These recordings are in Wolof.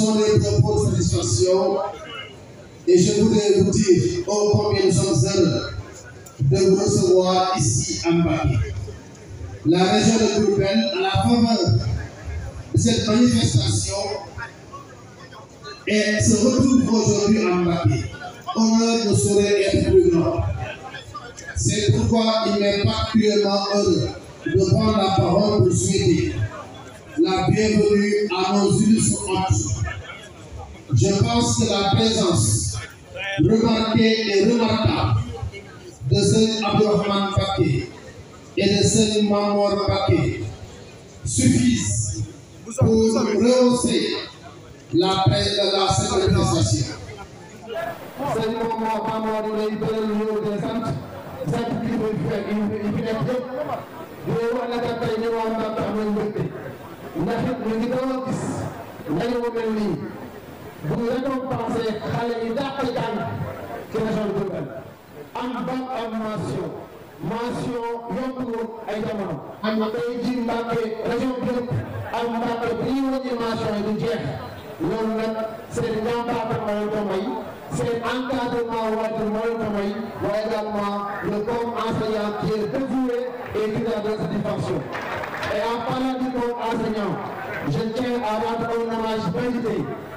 sont des propos de satisfaction et je voudrais vous dire oh combien nous sommes de vous ici à Mbacké. La région de Diourbel, la faveur de cette manifestation, et se retrouve aujourd'hui à Mbacké. Honneur ne saurait être plus grand. C'est pourquoi il m'est particulièrement heureux de prendre la parole pour souhaiter la bienvenue à nos illustres Je pense que la présence remarquée et remarquable de Seigneur Abdourahmane Paquet et de Seigneur Mamour Paquet suffisent pour rehausser la paix de la célébration. Sëñ Mamour Mamour yi lay bëral yow de sant sant bi ñu fekk yi fi nekk yëpp yow wax na kat tey ñu wax ndax am nañ mbégte ndax it ñu ngi doon gis ndaje mu mel nii bu ñu récompensé xale yi dàq jàng ci région de Diourbel am bac am mention mention yokku ay jamono. am na tey jii Mbàkke région bi yëpp am Mbàkke bi ñuy wàññi mention yi du jeex loolu nag seen njàmbaatam moo leen ko may seen encadrement waajur moo leen ko may waaye également le bon enseignant qui est dévoué et qui a de satisfaction et en parlant du bon enseignant je tiens à rendre un hommage mérité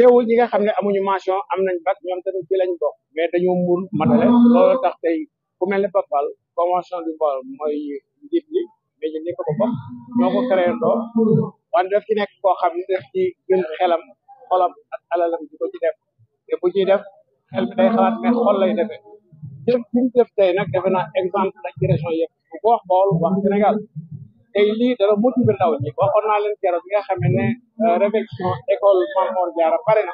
teewul ñi nga xam ne amuñu mention am nañ bac ñoom tamit ci lañ bokk mais dañoo muur matale ah. loolu tax tey ku mel ne Fapal convention du Baol mooy njiit li mais ñun ñëpp ko bokk ñoo ko créé doo wante daf ci nekk koo xam ne daf ci gën xelam xolam ak alalam di ko ci def te bu ciy def xel bi day xalaat mais xol defe naa exemple la ci région yëpp wax Baol wax Sénégal tey lii dara motiver ndaw ñi waxoon naa leen keroog bi nga xam ne euh, réflexion école Mame Mor Diarra na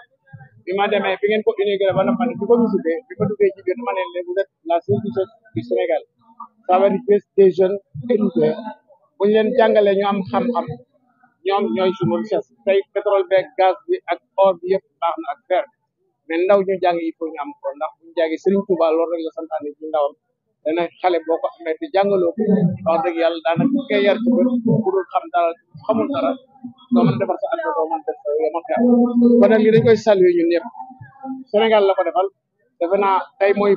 bi ma demee bi ngeen ko inauguré ba na bi ko visité bi ko duggee ma ne leen vous êtes la seule chose du Sénégal ça veut dire des jeunes éduqués bu leen jàngalee ñu am xam-xam ñoom ñooy suñu richesse tey pétrole beeg gaz bi ak or yëpp baax na ak fer mais ndaw ñu jàng il faut ñu am ko ndax bu ñu jàngee Serigne Touba loolu rek la santaane ci ndawam. dana xale boo ko amee ko wax dëgg yàlla daanaka bu koy yar ci xam dara xamul dara doo mën defar sa àdduna doo mën def sa yoo mën fi am kon nag lii dañ koy saluer la ko defal defe naa tey mooy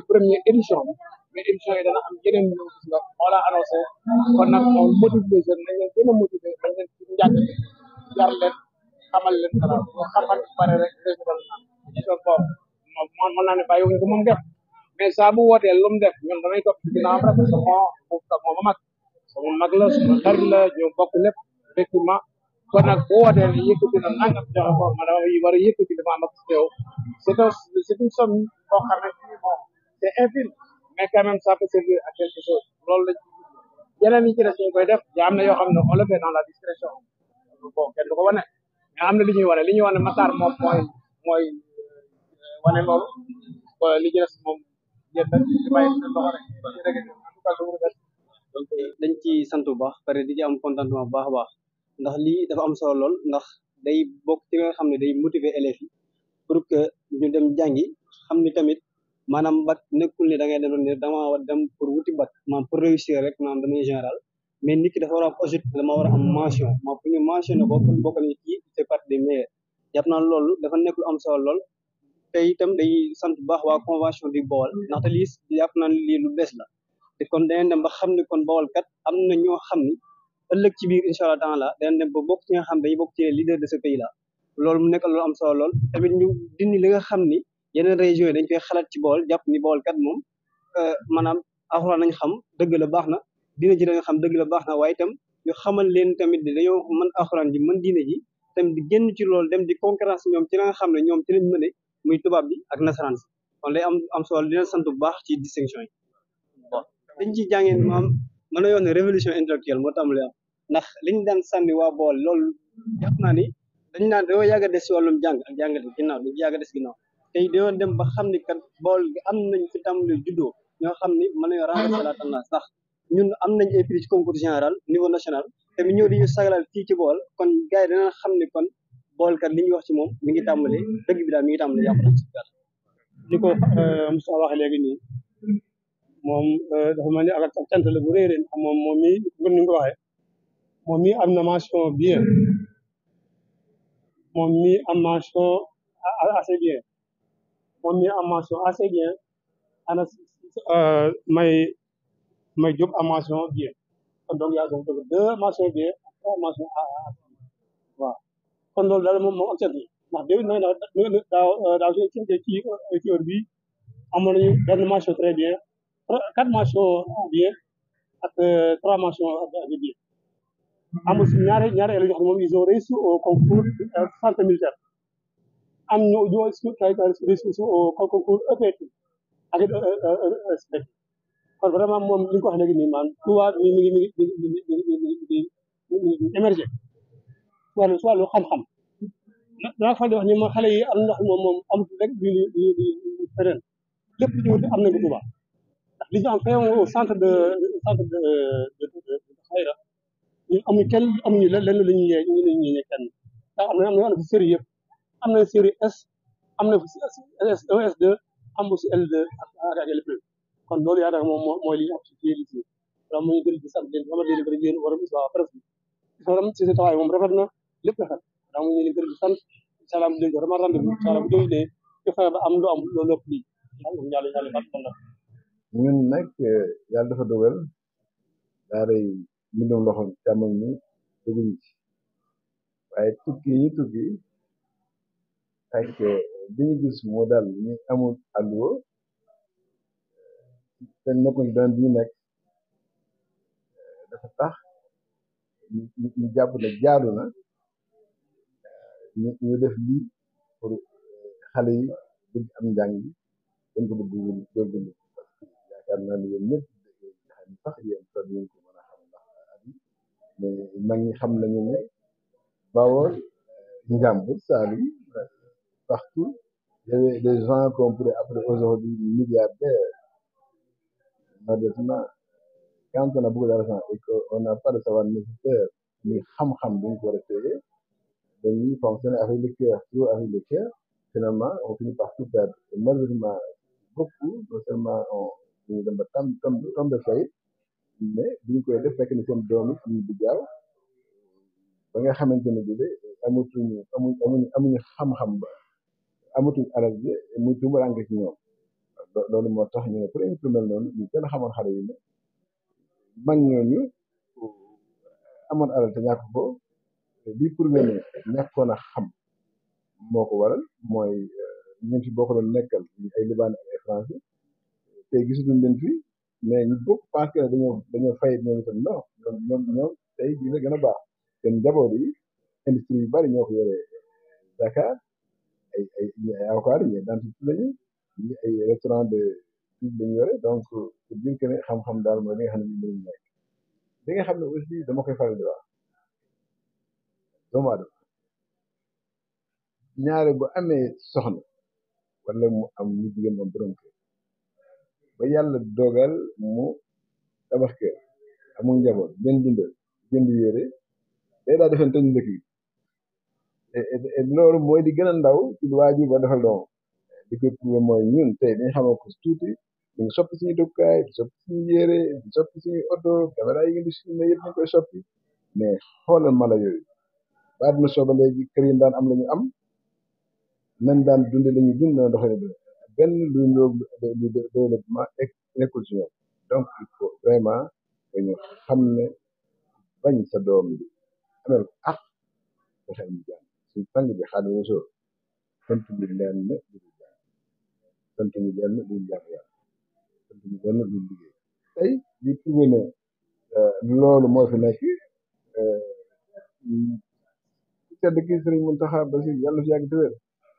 édition bi édition yi dana am yeneen ñëw gis nga kon nag moom motivé jeune nañ leen gën a motivé dañ leen ci njàng bi yar xamal leen dara boo xam-xam bare rek résultat na mais saa bu wootee lu mu def ñun danañ topp ci ginnaaw parce que sama sama mag sama mag la sama xarit la ñu bokk lépp effectivement kon nag bu wootee ne yëkkati na nangam joxe ko ma dama war a yëkkati dama am ak teew c'est un c'est une somme boo xam ne bon c'est infime mais quand même ça peut servir à quelque chose loolu lañ yeneen yi ci des ñu koy def ya am na yoo xam ne on le fait dans la discrétion bon kenn du ko wane mais am na li ñuy wane li ñuy wane Matar moom mooy mooy wane loolu li ci des moom Euh, dañ ci sant bu baax pare di ci am contentement bu baax a baax ndax li dafa am solo lool ndax day bokk ci nga xam ne day motiver élèves yi pour que ñu dem jàngi xam ni tamit maanaam bat nekkul ne da ngay dem ne dama war dem pour wuti bac maanaam pour réussir rek maanaam damay général mais nit ki dafa war a am objectif dama war a am mention ma pour ñu mentionné ko pour bokk nañu ci c'est partie des meilleurs jàpp naa loolu dafa nekkul am solo lool te itam dañuy sant bu baax waa convention du Baol ndaxte lii jàpp naa ne lii lu bees la te kon danañ dem ba xam ne kon Baol kat am na ñoo xam ne ëllëg ci biir incha la danañ dem bokk ci nga xam dañuy bokk ci leader de ce pays là loolu mu nekk am solo tamit ñu dindi li nga xam ni yeneen région yi dañ koy xalaat ci Baol jàpp ni Baol kat moom euh, maanaam alxuraan nañ xam dëgg la baax na diine ji da nga xam dëgg la baax na waaye itam ñu xamal leen tamit dañoo man alxuraan ji mën diine ji tamit di génn ci lool dem di concurrence ñoom ci la xam ne ñoom ci lañ mëne muy tubaab bi ak nasaraan si kon lay am am solo bu baax ci distinction yi bon dañ ciy jàngee maam mën na yoon ne révolution intellectuelle moo tàmbali am ndax liñ daan sànni waa bool lool jàpp naa ni dañ naan dañoo yàgg a des si wàllum jàng ak jàngate ginnaaw dañ yàgg a des ginnaaw tey dañoo dem ba xam ni kat bool gi am nañ fi tàmbali juddoo ñoo xam ni mën nañoo renverser a tendance ndax ñun am nañ ay prix ci concours général niveau national te mu ñëw di ñu sagalal ci bool kon gars yi dinañ xoolkat li ñuy wax ci moom mi ngi tàmbale dëgg bi daal mi ngi tàmbale yàqu na si gàtt ni ko euh, Moussa waxee léegi nii moom euh, dafa mel ni ak ak cant la bu rëy moom moom mii comme ko waxee moom am na mention moom mii am mention assez bien moom mii ana euh, may may Diop am mention bien kon donc deux mention bien trois mention kon loolu daal moom moom ak seetlu ndax déwén nag daaw daaw ci ci ci heure bii amoon nañu benn mention très bien quatre ak trois mentions ak bien amul si ñaari ñaari élèves yoo xam ne moom ils ont réussi au concours santé militaire am ñu ñu réussi au concours EPT ak SPECT kon vraiment moom li ko wax léegi nii maanaam tout mi émergé wàllu wàllu xam-xam danaa fa di wax ni ma xale yi am ndox moom moom amatul rek di di di feneen lépp lu am centre de centre de de de xayra kenn am na am na fi série am na série S am na fi S2 am aussi L2 ak L2 kon loolu yaakaar moom mooy li ñu am ci kii li di war a moom rafet na. lépp la xel donc ñu ngi gërëm di sant salaam dégg nga vraiment rendez-vous salaam bu ba am lu am loolu lépp lii yàlla yàlla na dafa dogal daara yi mbindum loxo càmmoñ mi dugguñ ci tukki yi tukki ak bi ñu gis moo daal ñu amul alluwa te nekkuñ doon bi ñu nekk dafa tax ñu jàpp ne jaadu na ñu def lii pour euh, xale yi bëgg am njàng bi dañ yi mais mag ñi xam nañu ne Bawol euh, Njàmbur Saalum partout il des gens qui ont pris après aujourd'hui milliardaires malheureusement quand on a beaucoup d'argent et qu'on n'a pas de savoir nécessaire ni xam-xam bu ñu ko dañuy fonctionner avec le cœur, toujours avec le cœur, finalement, on finit par tout perdre. Et malheureusement, beaucoup, non seulement on dañu dem ba tam tam tam de mais bu koy def fekk ni seen doom yi ñu di jaaw ba nga xamante ne bii de amatuñu amuñu amuñu xam-xam ba amatuñu alal bi muy tumurànke ci ñoom loolu moo tax ñu ne premier lu mel noonu ñu gën a xamoon xale yi ne mag amoon alal te ñàkk lii prouvé ne ñàkkoon a xam moo ko waral mooy ñun fi boo ko doon nekkal ay libaane ay français te gisatuñ leen fi mais ñu bokk parce que dañoo fay ñoom itam non ñoom gën a baax seen njaboot yi industrie yu bari ñoo ko yoree euh, Dakar ay ay ñi ay ay restaurant de fii xam-xam daal mooy li nga xam ne aussi dama koy faral di wax. doomu aadama ñaare bu amee soxna wala mu am ñu jigéen moom borom kër ba yàlla dogal mu tabax kër amul njaboot leen jënd yére day daa defeen tëñ dëkk yi e, e, e, loolu mooy di gën a ndaw ci waajur ba defal doomam di ko trouvé mooy ñun tey dañ xamal ko tuuti ñu ngi soppi suñu dëkkukaay di soppi suñu yére di soppi yi ngi di suñu yëpp ñu koy soppi mais xoolal mala yooyu ba àdduna soo ba léegi daan am la ñu am nañ daan dunde la ñu dund na doxee benn lu lu développement nekkul ci ñoom donc il faut vraiment que xam ne bañ sa doom bi amel ko ak dafa bi Xaadimu Rasuul sant ñu leen ne duñu liggéey tey euh, loolu moo fi nekk euh, tedd ki Serigne Mountakha Bassir yàlla fi yàgg te wér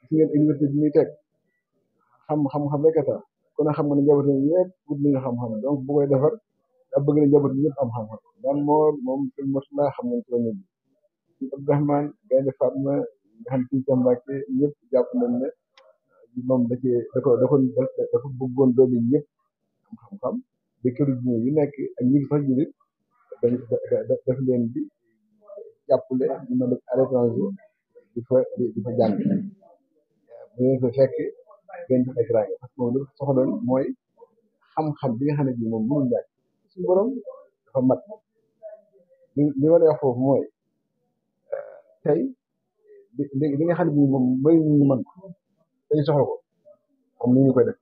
si ngeen université bi muy teg xam-xam-xam rek tax kon nag xam nga ne njaboot yi ñëpp wut nañu xam-xam donc bu koy defar daa bëgg ñëpp am xam-xam daan moor moom Serigne Mourtada xam nañ ci bi ci Abdourahmane ah, moom da cee da ko da ko dafa nekk ak ñi sax jullit dañ daf leen bi jàppale ñu ma dëkk à l'étranger di fa di fa fa fekk benn ay teraanga moom dafa soxloon mooy xam-xam bi nga xam ne bi moom mënul ñàkk suñu borom dafa mat li li ma lay wax foofu mooy eh, tey li li nga xam ne bi moom may ñu mën ko dañu soxla ko moom ni ñu koy def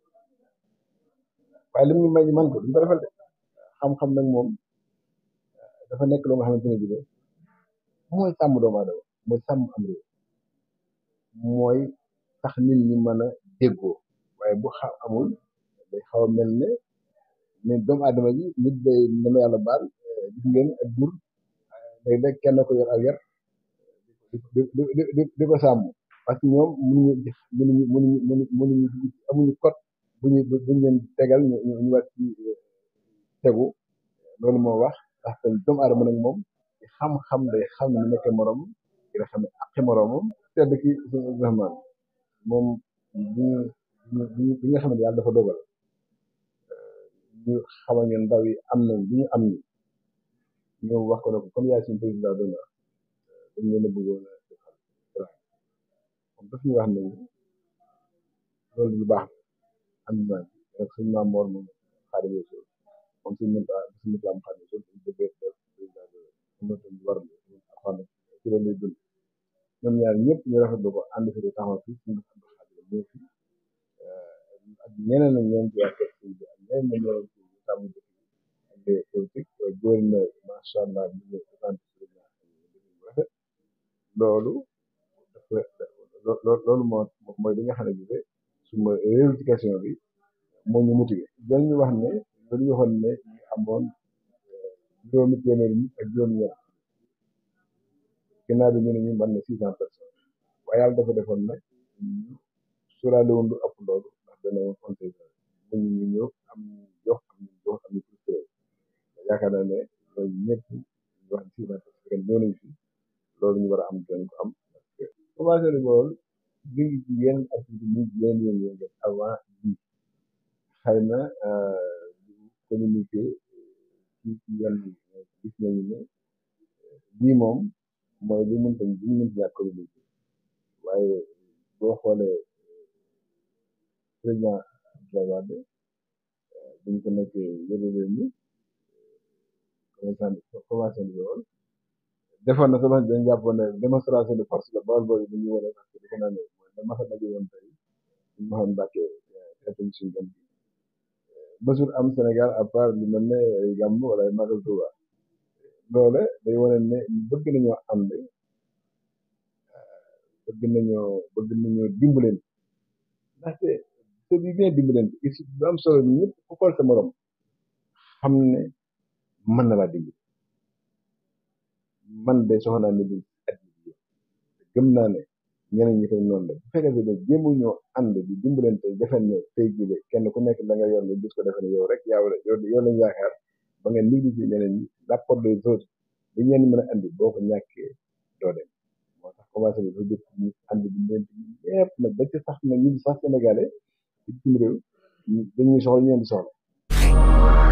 waaye li mu ñu may ñu mën ko duñu ko eh, dafa nekk loo nga xamante ne bi mooy sàmm doomu aadama mooy sàmm am réew mooy tax nit ñi mën a déggoo waaye bu xaw amul day xaw a mel ne ne doomu aadama ji nit day na ma yàlla baal eh, gis ngeen ak jur eh, léeg-léeg kenn ko yor ak yar di di di ko sàmm parce que ñoom mënuñu mënuñu mënuñu mënuñu amuñu code bu ñu bu ñu leen tegal ñu ñu war ci eh, tegu loolu moo wax ndax doomu aadama nag moom. xam-xam day xam ne nekk morom nga xam ne aqi moromam tedd ki suñu Rahmaan moom bi nga xam ne yàlla dafa dogal euh, ñu xamal ñu ndaw yi am na bi ñu am ni ñoom wax ko ne ko comme yaay suñu président dona euh, dañ leen a bëggoon a defal moom daf ñu wax ne loolu lu baax am na ak suñu maam moor moom xaadim yooyu moom suñu mënta suñu mënta am xaadim yooyu amatul war xool ci la lay dund fi di taxaw fi suñu ànd xaalis fi ak ñeneen ak ñoom ci ak ñeneen na ñoom allah ñu ngi sant loolu loolu moo mooy li nga xam ne bi suma réeru ci question bi moo ñu motivé dañu wax ne dañu waxoon ne amoon juróomi téeméeri nit ak juróom-ñeent ginnaaw bi ñu ne ñu mën na six cent personnes waaye yàlla dafa defoon nag sóoraale woon lu ëpp loolu ndax dana woon conseil bu ñu ñu ñëw am ñu jox am ñu jox ne loolu ñëpp ñu wax fi loolu ñu war a am dinañ ko am commencé nañu loolu ñu ngi ci yenn activité ñu ngi na communiqué gis nañu ne bii moom mooy li mënta li ñu mënta ñàkk waaye boo xoolee président Abdoulaye Wade buñ ko nekkee yore réew mi commencé nañu lool defoon na sama dañ jàppoon ne démonstration de force la bool bool yi dañuy wane parce que dafa naa ne mooy la masa daje woon tey ñu ma xam Mbàkke teetuñ suñu bi mësul am Sénégal à part lu mel ne gàmm wala magal Touba loole day wane ne bëgg nañoo ànd bëgg nañoo bëgg nañoo dimbalante ndaxte te bi bien dimbalante il lu am solo ñëpp ku xool sa morom xam ne mën na man de soxnaa ne bi at gëm naa ne ñeneen ñi koy noonu la bu fekkee ne jéemu ñoo ànd di dimbalante defen ne tey jii kenn ku nekk da nga yor nga gis ko defe yow rek yaa wala yow lañ yaakaar ba nga liggéey ci ñeneen ñi l'apport des autres li ngeen mën a andi boo ko ñàkkee doo dem moo tax commencé bi ba ñu ànd di leen yëpp nag ba ci sax na ñun sax sénégalais ci bitim réew dañuy soxla ñu leen soxla